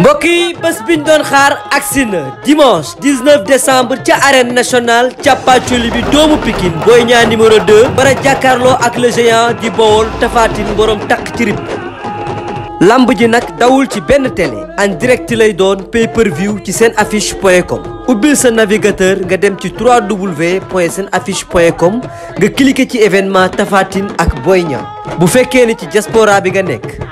mbokk yi bi biñ doon xaar agsi na dimanche 19 décembre ca arène nationale càppaacoli bi doomu Pikine Boy Niang numéro 2 bara jàkkaarloo ak le géant di Bawol tafaatin Tine boroom takk ci rib ji nag dawul ci benn télé en direct lay doon pay per ci seen affiche point com ubbil sa navigateur nga dem ci 3w point seen affiche point com nga cliqué ci événement Tapha Tine ak Boy bu fekkee ni ci diaspora bi nga nekk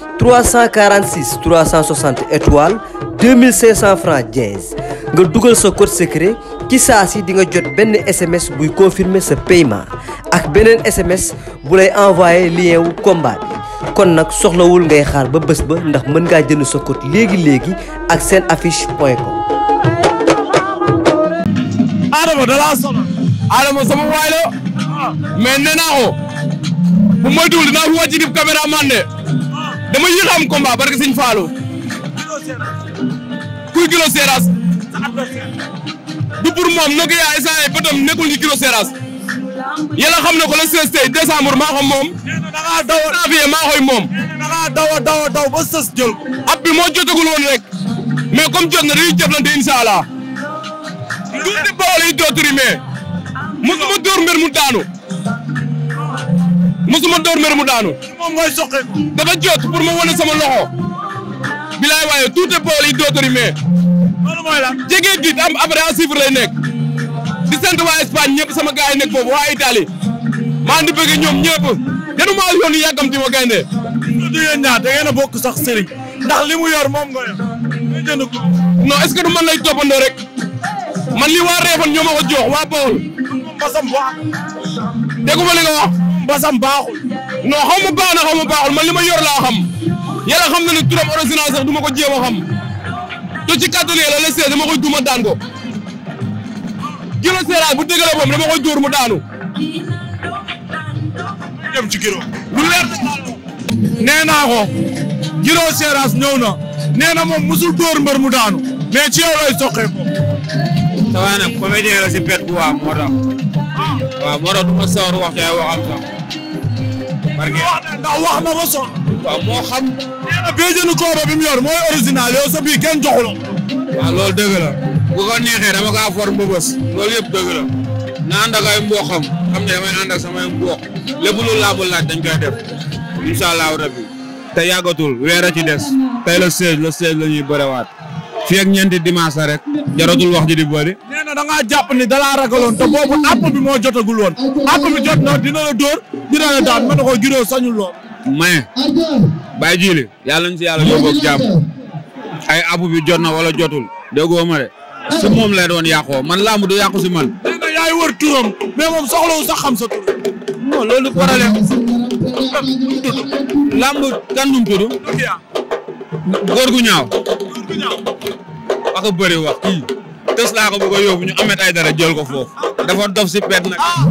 346 360 étoiles 2500 francs dièse nga dugal sa code secret ci saa si di nga jot benn SMS buy confirmer sa paiement ak beneen SMS bu lay envoyer lien wu combat kon nag soxlawul ngay xaar ba bës ba ndax mën ngaa jënd sa code léegi-léegi ak seen affiche point Adama da laa Adama sama waay la mais nee naa bu moytuwul dinaa fi wàcc di caméraman de dama yéex a am combat barke Sëñ Fallou kuy Guiro Seras du pour moom nag yaa essayé bëtam nekkul ñu Guiro Seras yàlla xam na ko le 16 tey décembre maa xam moom. da ngaa daw maa koy moom. da ngaa daw daw woon rek mais comme jot na dañuy jëflante incha allah. du di boole yi dootul mais ah, mosuma dóor mbir mu daanu. musuma dóor mbër daanu. moom mooy soqeeku. ma wane sama loxo. bilaay waaye tuute bool yi dootori mais. loolu mooy lan. jege git am après à chiffre lay nekk. di sant waa Espagne ñëpp sama gars yi nekk foofu waa Italie. maa ngi bëgg ñoom ñëpp. yéen maa yoon yi yàggam di ma gaynde. du yéen ñaar da ngeen a bokk sax sëriñ. ndax li mu yor moom nga du man lay toppandoo rek. man li waa Réfane ñoo ma waa Bawol. moom Masam ma li nga basam baaxul non xaw na xaw baaxul man yor laa xam xam na ne turam original sax ko jéem a xam te ci kàddu la la see dama koy duma daan ko kilo seeraat bu dëgg la moom dama koy dóor mu daanu. ci kilo. lu nee naa ko kilo seeraat ñëw na nee na moom musul dóor mbër mu daanu mais ci yow lay soqee ko. ça va nag si pet waa moo tax ah. waaw moo tax du waxam sax. marge ndax wax na ko so waaw moo xam nee na béjjënu kooba bi mu mooy original yow sa bii kenn joxu la waaw loolu dëgg la bu ko neexee dama kaa for mbëbës loolu yëpp dëgg la na ànd ak ay mboqam xam ne damay ànd samay mboq lépp lu laabul laaj dañ koy def incha allahu rabbi te yàggatul weer a des tey le seize la ñuy bërewaat fii ak ñeenti dimanche la rek jaratul wax ji di bëri nee na da ngaa jàpp ni dalaa ragaloon te boobu àpp bi moo jotagul woon àpp bi jot na dina la dóor ñu daan daan mën na ko juróom sañul lool. mais bàyyi si yàlla yóbbu ak jàmm ay abu jot na wala jotul déggoo ma de si moom lay doon yàqoo man làmb du yàqu si man. léegi nag yaay wër turam mais moom soxlawu sax xam sa tur. loolu du problème. làmb kan nu mu tudd. góor gu ñaaw. góor gu ñaaw. wax ko bëri wax kii. tës laa bu ko yóbbu ñu amet ay dara jël ko foofu. dafa dof si pet nag. Ah.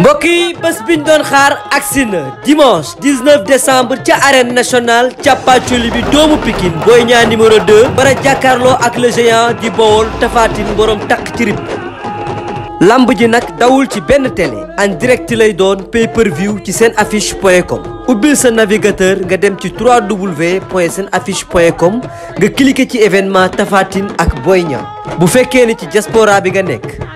mbokk yi bés biñ doon xaar aksi na dimanche 19 décembre ca arène national ca pàccoli bi doomu Pikine Boy Niang numéro 2 bara jàkkaarloo ak le géant di Bawol Tapha Tine boroom takk ci rib ji nag dawul ci benn télé en direct lay doon pay per ci seen affiche point com ubbil sa navigateur nga dem ci 3w point seen affiche point com nga cliqué ci événement Tapha ak Boy Niang bu fekkee ni ci diaspora bi nga nekk